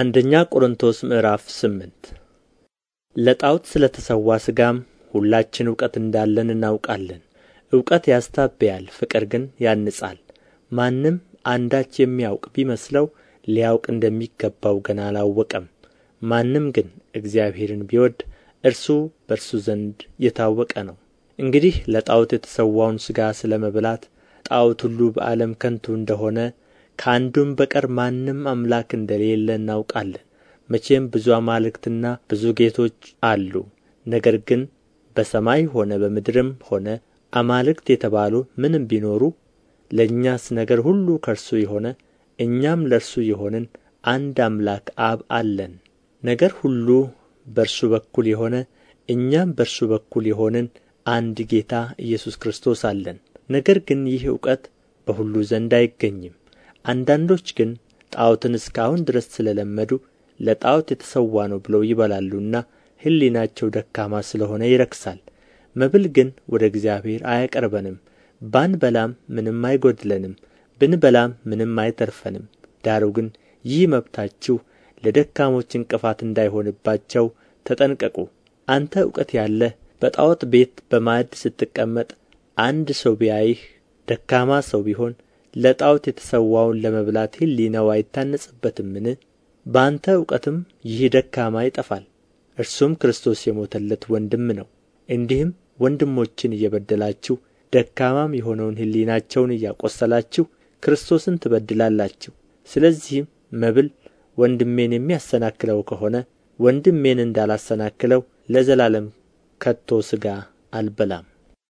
አንደኛ ቆሮንቶስ ምዕራፍ ስምንት ለጣዖት ስለ ተሰዋ ሥጋም ሁላችን እውቀት እንዳለን እናውቃለን እውቀት ያስታብያል ፍቅር ግን ያንጻል ማንም አንዳች የሚያውቅ ቢመስለው ሊያውቅ እንደሚገባው ገና አላወቀም ማንም ግን እግዚአብሔርን ቢወድ እርሱ በእርሱ ዘንድ የታወቀ ነው እንግዲህ ለጣዖት የተሰዋውን ሥጋ ስለ መብላት ጣዖት ሁሉ በዓለም ከንቱ እንደሆነ ከአንዱም በቀር ማንም አምላክ እንደሌለ እናውቃለን መቼም ብዙ አማልክትና ብዙ ጌቶች አሉ ነገር ግን በሰማይ ሆነ በምድርም ሆነ አማልክት የተባሉ ምንም ቢኖሩ ለእኛስ ነገር ሁሉ ከእርሱ የሆነ እኛም ለእርሱ የሆንን አንድ አምላክ አብ አለን ነገር ሁሉ በእርሱ በኩል የሆነ እኛም በእርሱ በኩል የሆንን አንድ ጌታ ኢየሱስ ክርስቶስ አለን ነገር ግን ይህ እውቀት በሁሉ ዘንድ አይገኝም አንዳንዶች ግን ጣዖትን እስከ አሁን ድረስ ስለ ለመዱ ለጣዖት የተሠዋ ነው ብለው ይበላሉና ሕሊናቸው ደካማ ስለ ሆነ ይረክሳል መብል ግን ወደ እግዚአብሔር አያቀርበንም ባንበላም ምንም አይጎድለንም ብንበላም ምንም አይተርፈንም ዳሩ ግን ይህ መብታችሁ ለደካሞች እንቅፋት እንዳይሆንባቸው ተጠንቀቁ አንተ እውቀት ያለህ በጣዖት ቤት በማዕድ ስትቀመጥ አንድ ሰው ቢያይህ ደካማ ሰው ቢሆን ለጣዖት የተሠዋውን ለመብላት ሕሊናው አይታነጽበትምን በአንተ እውቀትም ይህ ደካማ ይጠፋል እርሱም ክርስቶስ የሞተለት ወንድም ነው እንዲህም ወንድሞችን እየበደላችሁ ደካማም የሆነውን ሕሊናቸውን እያቆሰላችሁ ክርስቶስን ትበድላላችሁ ስለዚህም መብል ወንድሜን የሚያሰናክለው ከሆነ ወንድሜን እንዳላሰናክለው ለዘላለም ከቶ ሥጋ አልበላም